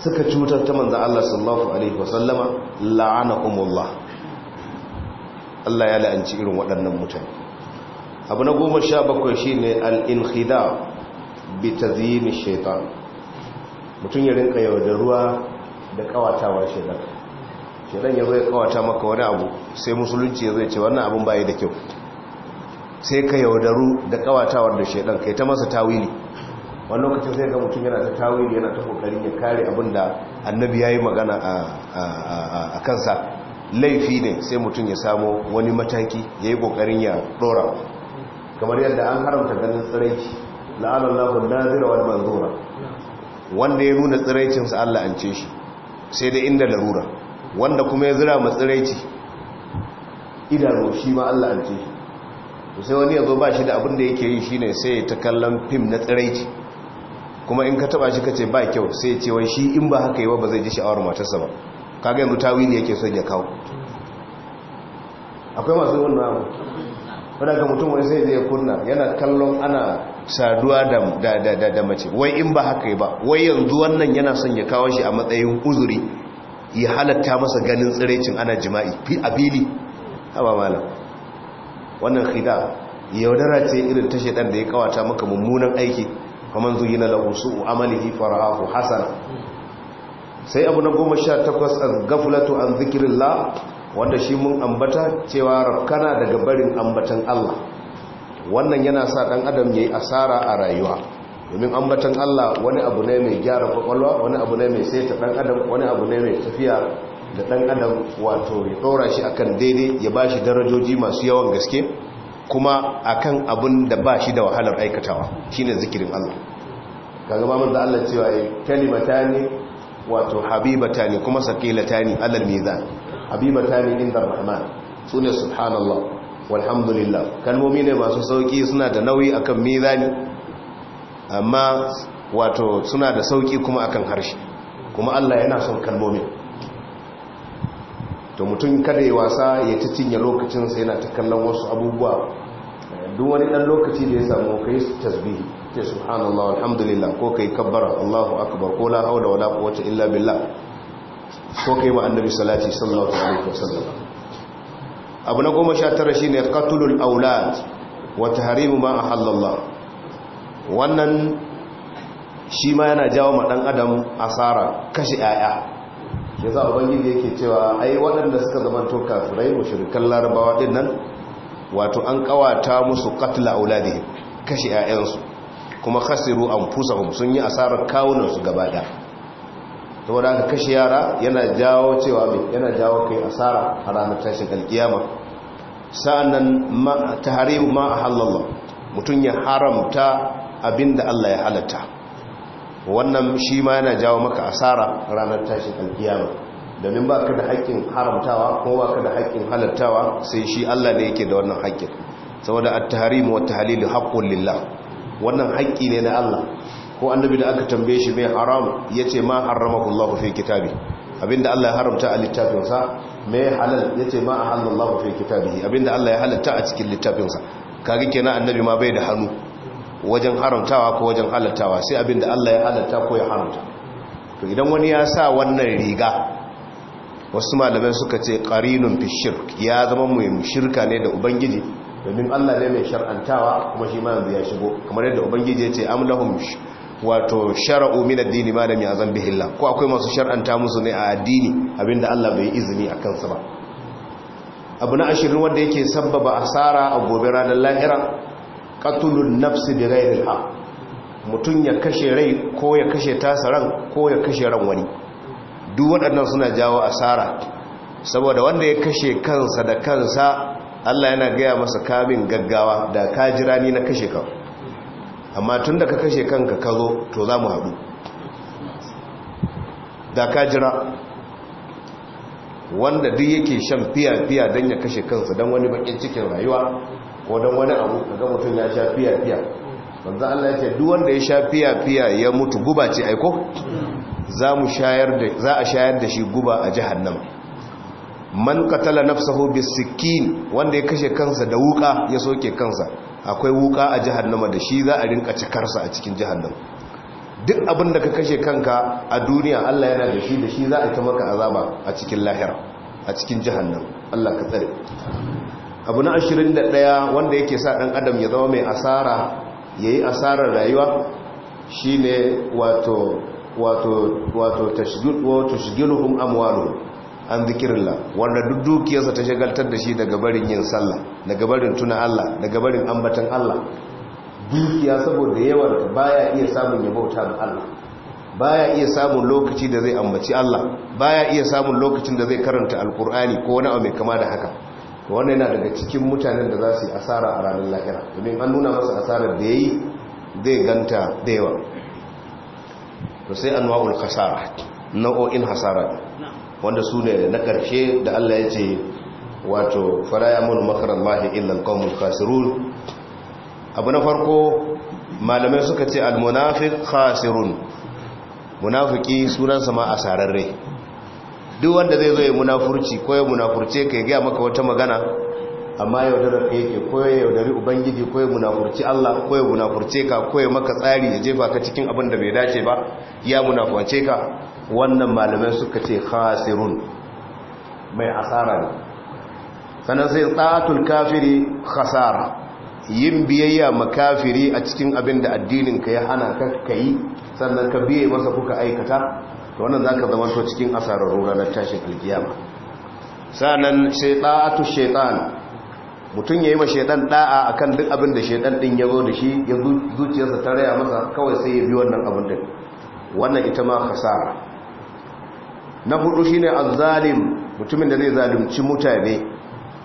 suka cutar ta manzan Allah sallallahu alaihi wasallama la'ana umullah Allah ya la'anci irin waɗannan mutane abu na goma sha bakwai shi ne al’inhida bi ta zini shaitan mutum ya ƙayar da ruwa da ƙawatawar shaitan ke ya zo ya kawata maka wani abu sai musulunci ya zai ce wannan abin bayi da kyau sai ka yaudaru da kawatawar da shaidan kai ta masa tawili wani lokacin sai ga mutum yana ta tawili yana ta kokarin ya kare abin da annabi ya yi magana a kansa laifi ne sai mutum ya samo wani mataki ya yi kokarin ya dora kamar yadda an haramta ganin tsiraici la'anallahu nazira wani manzura wanda ya nuna tsiraicinsa Allah an ce shi sai da inda larura wanda kuma ya zira matsiraici idanu shi ma Allah an ce to sai wani ya ba shi da abin da yake yi shine sai ta kallon fim na tsiraici kuma in ka taba shi ka ce ba kyau sai ya ce wai shi in ba haka yi ba zai ji sha'awar matarsa ba kaga yanzu tawili yake son ya kawo akwai masu wannan abu wadda ga mutum wani sai zai kunna yana kallon ana saduwa da da da da mace wai in ba haka yi ba wai yanzu wannan yana son ya kawo shi a matsayin uzuri ya halatta masa ganin tsiraicin ana jima'i fi a fili haba malam wannan khida yaudara ce irin ta ɗan da ya kawata maka mummunan aiki kamar zuyi na lahusu amalihi farahu hasana sai abu na goma sha takwas an gafulatu an zikirin la wanda shi mun ambata cewa rafkana daga barin ambatan allah wannan yana sa ɗan adam ya yi asara a rayuwa domin ambatan Allah wani abu ne mai gyara kwakwalwa wani abu ne mai saita dan adam wani abu ne mai tafiya da dan adam wato ya dora shi akan daidai ya bashi darajoji masu yawan gaske kuma akan abin da ba shi da wahalar aikatawa shine zikirin Allah kaga ba da Allah cewa kalimatani wato habibatani kuma saqilatani alal mizan habibatani inda rahman sune subhanallah walhamdulillah kalmomi ne masu sauki suna da nauyi akan mizani amma wato suna da sauki kuma akan harshe kuma Allah yana son kalmomi to mutum kada ya wasa ya ta cinye lokacinsa yana ta kallon wasu abubuwa duk wani dan lokaci da ya samu kai tasbihi ce subhanallahi alhamdulillah ko kai kabbara Allahu akbar ko la hawla wala quwwata illa billah ko kai wa annabi salati sallallahu alaihi wasallam abu na 19 shine qatlul aulad wa tahrimu ma ahallallahu wannan shi ma yana jawo ma ɗan adam asara kashe yaya shi za a ubangiji yake cewa ai waɗanda suka zama to kafirai shirikan larabawa ɗin nan wato an kawata musu da yi kashe yayansu kuma khasiru anfusahum sun yi asarar kawunan su gaba da saboda aka kashe yara yana jawo cewa yana jawo kai asara a ranar tashin alkiyama nan ma tahrimu ma ahallalla mutum ya haramta Abin da Allah ya halatta wannan shi ma yana jawo maka asara ranar tashin alkiyama domin ba ka da haƙƙin haramtawa ko ba ka da haƙƙin halattawa sai shi Allah ne yake da wannan haƙƙin saboda at-tahrim wa at-tahlil haqqun lillah wannan haƙƙi ne na Allah ko annabi da aka tambaye shi mai haram yace ma haramahu Allah fi kitabi abinda Allah ya haramta a littafinsa mai halal yace ma ahallallahu fi kitabihi abinda Allah ya halatta a cikin littafinsa kage kenan annabi ma bai da hannu wajen haramtawa ko wajen halattawa sai abinda da Allah ya halatta ko ya haramta to idan wani ya sa wannan riga wasu malamai suka ce qarinun fi shirk ya zama mu shirka ne da ubangiji domin Allah ne mai shar'antawa kuma shi ma yanzu ya shigo kamar yadda ubangiji ya ce amlahum wato shar'u min ad-dini ma lam ya'zan bihi Allah ko akwai masu shar'anta musu ne a addini abinda Allah bai izini a kansa ba abu na ashirin wanda yake sabbaba asara a gobe ranar lahira qatlun nafsi bi ghayril haqq mutun ya kashe rai ko ya kashe tasaran ko ya kashe ran wani duk waɗannan suna jawo asara saboda wanda ya kashe kansa da kansa Allah yana gaya masa kamin gaggawa da ka jira ni na kashe kan amma tun da ka kashe kanka ka zo to za mu haɗu da ka jira wanda duk yake shan fiya-fiya don ya kashe kansa don wani bakin cikin rayuwa ko don wani abu daga mutum ya sha fiya-fiya banzan Allah ya ce duwanda ya sha fiya-fiya ya mutu guba ce aiko za a shayar da shi guba a jihannama man katala nafsahu bisikin wanda ya kashe kansa da wuka ya soke kansa akwai wuka a jihannan da shi za a rinka cikarsa a cikin jihannan. duk abin da ka kashe kanka a duniya Allah yana da shi da shi za a ta maka azaba a cikin lahira a cikin jihannan. Allah ka tsare abu na 21 wanda yake sa ɗan adam ya zama mai asara ya yi asarar rayuwa shi ne wato wato tashdud wa tushgiluhum amwaluhum an zikirillah wanda duk dukiyarsa ta shagaltar da shi daga barin yin sallah daga barin tuna Allah daga barin ambatan Allah dukiya saboda yawan baya iya samun yabauta da Allah baya iya samun lokaci da zai ambaci Allah baya iya samun lokacin da zai karanta alkur'ani ko wani abu mai kama da haka wanda yana daga cikin mutanen da za su yi asara a ranar lahira domin an nuna masa asarar da ya yi zai ganta da yawa to sai an wa'ul kasara nau'o'in hasara wanda su ne na ƙarshe da allah ya ce wato ya mun makarar mahi illan kawun khasirun abu na farko malamai suka ce al-munafik khasirun munafiki sunansa ma asararre duk wanda zai zo ya munafurci ko ya munafurce ka gaya maka wata magana amma yaudarar da yake ko ya yaudari ubangiji ko ya munafurci Allah ko ya munafurce ka ko ya maka tsari ya jefa ka cikin abin da bai dace ba ya munafurce ka wannan malamai suka ce khasirun mai asara ne sannan sai tsatul kafiri khasara yin biyayya makafiri a cikin abin da addinin ka ya hana ka yi sannan ka biye masa kuka aikata to wannan zaka zama to cikin asararru ranar tashin alkiyama sanan sai shaiɗa shaytan mutum ya yi ma shaidan da'a a kan duk abin da shaidan din ya zo da shi ya zuciyarsa ta raya masa kawai sai ya bi wannan abin din wannan ita ma kasara na hudu shi ne azzalim mutumin da zai zalimci mutane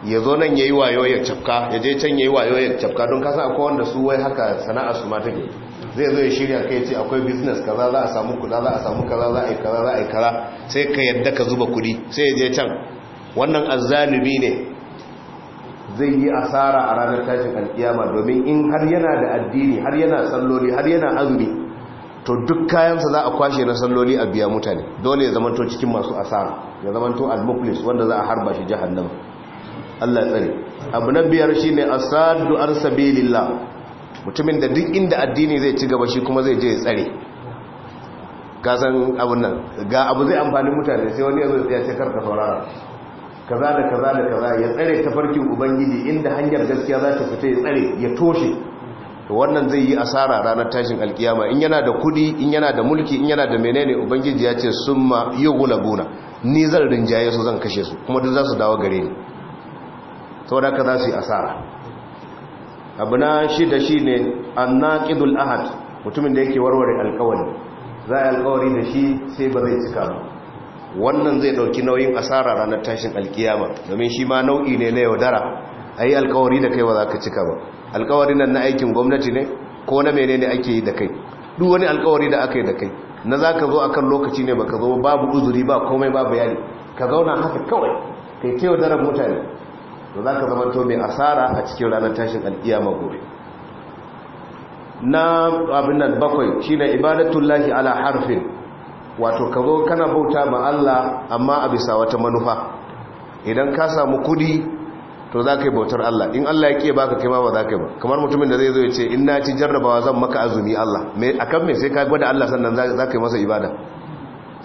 ya zo nan ya yi wayo ya cafka ya je can ya yi wayo ya cafka don kasa akwai wanda su wai haka sana'a su ma take zai zo ya shirya kai ce akwai business kaza za a samu kuɗa za a samu kaza za a yi kaza za a yi kaza sai ka yadda ka zuba kuɗi sai ya je can wannan azzalumi ne zai yi asara a ranar tashin alkiyama domin in har yana da addini har yana salloli har yana azumi to duk kayansa za a kwashe na salloli a biya mutane dole ya zamanto cikin masu asara ya zamanto al-muflis wanda za a harba shi jahannama Allah ya tsare abu na biyar shine asadu arsabilillah sabilillah mutumin da duk inda addini zai ci gaba shi kuma zai je tsare san abun nan ga abu zai amfani mutane sai wani yanzu ya ce karka saurara kaza da kaza da kaza ya tsare tafarkin ubangiji inda hanyar gaskiya za ta fita ya tsare ya toshe to wannan zai yi asara ranar tashin alkiyama in yana da kudi in yana da mulki in yana da menene ubangiji ya ce summa yughlabuna ni zan rinjaye su zan kashe su kuma duk za su dawo gare ni saboda haka za su yi asara abu na shida shi ne annaqidul ahad mutumin da yake warware alkawari za a alkawari da shi sai ba zai cika ba wannan zai dauki nauyin asara ranar tashin alkiyama domin shi ma nau'i ne na yaudara A yi alkawari da kai ba za ka cika ba alkawari nan na aikin gwamnati ne ko na ne ake yi da kai duk wani alkawari da aka yi da kai na za ka zo a kan lokaci ne ba ka zo babu uzuri ba komai ba bayani ka zauna haka kawai kai ta yaudarar mutane to za ka to mai asara a cikin ranar tashin alkiyama gobe na abin nan bakwai shi ne lahi ala harfin wato ka zo kana bauta ma Allah amma a bisa wata manufa idan ka samu kudi to za ka yi bautar Allah in Allah ya kiye baka kai ma ba za ka yi ba kamar mutumin da zai zo ya ce in na ci jarrabawa zan maka azumi Allah a kan me sai ka gwada Allah sannan za ka yi masa ibada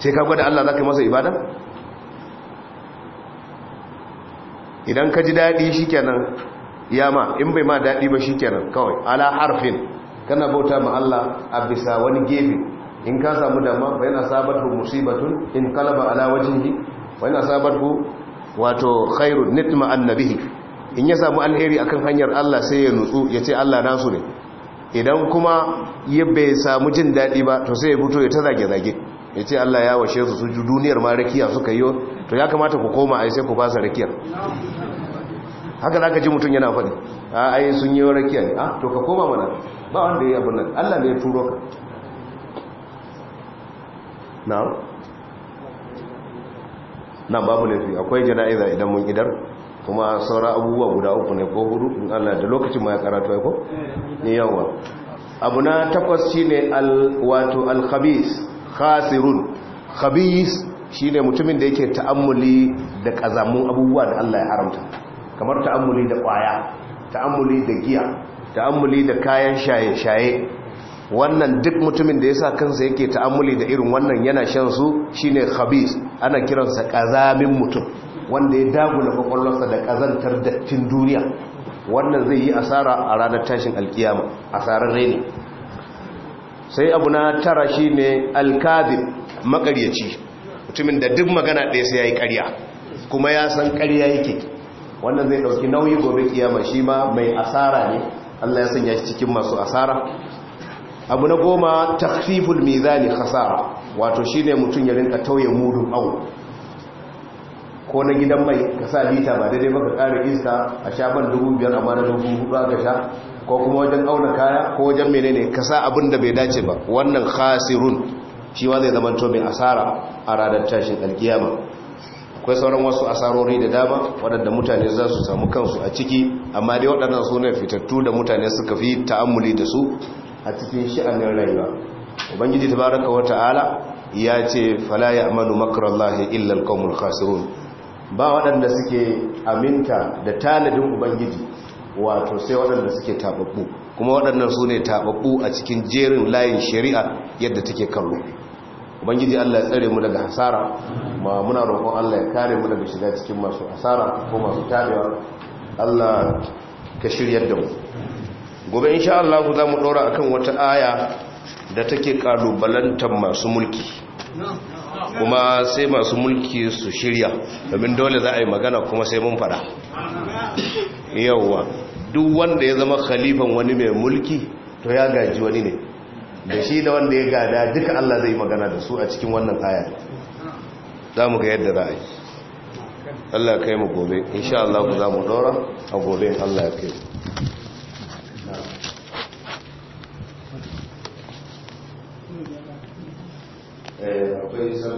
sai ka gwada Allah za ka yi masa ibada idan ka ji daɗi shi kenan yama in bai ma daɗi ba shi kenan kawai ala harfin kana bauta ma Allah a bisa wani gefe in ka samu dama bai na sabar musibatun in kalaba ala yi bai na sabar wato khairu nitma annabihi in ya samu alheri akan hanyar Allah sai ya nutsu ya ce Allah nasu ne idan kuma ya bai samu jin daɗi ba to sai ya fito ya ta zage-zage ya ce Allah ya washe su su duniyar ma rakiya suka yi to ya kamata ku koma ai sai ku ba su rakiyar haka za ka ji mutum yana faɗi a ayi sun yi rakiya ne ah to ka koma mana ba wanda ya yi abin allah ne ya turo ka na na babu laifi akwai jana'iza idan mun idar kuma saura abubuwa guda uku ne ko hudu in allah da lokacin ma ya karatu ya ko ni eh. yawa abu na takwas shine ne wato al khabis khasirun khabis shine mutumin da yake ta'ammuli da kazamun abubuwa da allah ya haramta kamar ta'ammuli da kwaya, ta'ammuli da giya ta'ammuli da kayan shaye-shaye wannan duk mutumin da ya sa kansa yake ta'ammuli da irin wannan yana shan su shine khabis ana kiransa ƙazamin mutum wanda ya dagula kwakwalwansa da ƙazantar dattin duniya wannan zai yi asara a ranar tashin alkiyama asarar ne sai abu na tara shi ne alkazin makaryaci mutumin da duk magana ɗaya sai ya yi ƙarya kuma ya san ƙarya yake wannan zai dauki nauyi gobe kiyama shi ma mai asara ne Allah ya sanya shi cikin masu asara abu na goma takhfiful mizani khasara wato shine mutun ya rinka tauye mudu au ko na gidan mai ka sa lita ba daidai ba ka kare iska a shaban biyar amma na 4000 ga sha ko kuma wajen auna kaya ko wajen menene ka sa abin da bai dace ba wannan khasirun shi wa zai zama to mai asara a ranar tashin alkiyama akwai sauran wasu asarori da dama waɗanda mutane za su samu kansu a ciki amma dai waɗannan su ne fitattu da mutane suka fi ta'ammuli da su a cikin sha'anin rayuwa ubangiji tabaraka wa ta'ala ya ce fala ya'manu makrallahi illa alqawmul khasirun ba waɗanda suke aminta da taladin ubangiji wato sai waɗanda suke tababbu kuma waɗannan su ne tababbu a cikin jerin layin shari'a yadda take kallo ubangiji Allah ya tsare mu daga hasara ma muna roƙon Allah ya kare mu daga shiga cikin masu hasara ko masu tarewa. Allah ka shiryar da mu gobe insha Allah za mu dora akan wata aya da take kalubalantar masu mulki kuma sai masu mulki su shirya domin dole za a yi magana kuma sai mun fada yauwa duk wanda ya zama khalifan wani mai mulki to ya gaji wani ne da shi da wanda ya gada duka Allah zai magana da su a cikin wannan aya za mu ga yadda ra'ayi Allah kai mu gobe insha Allah ku za mu dora a gobe Allah ya kai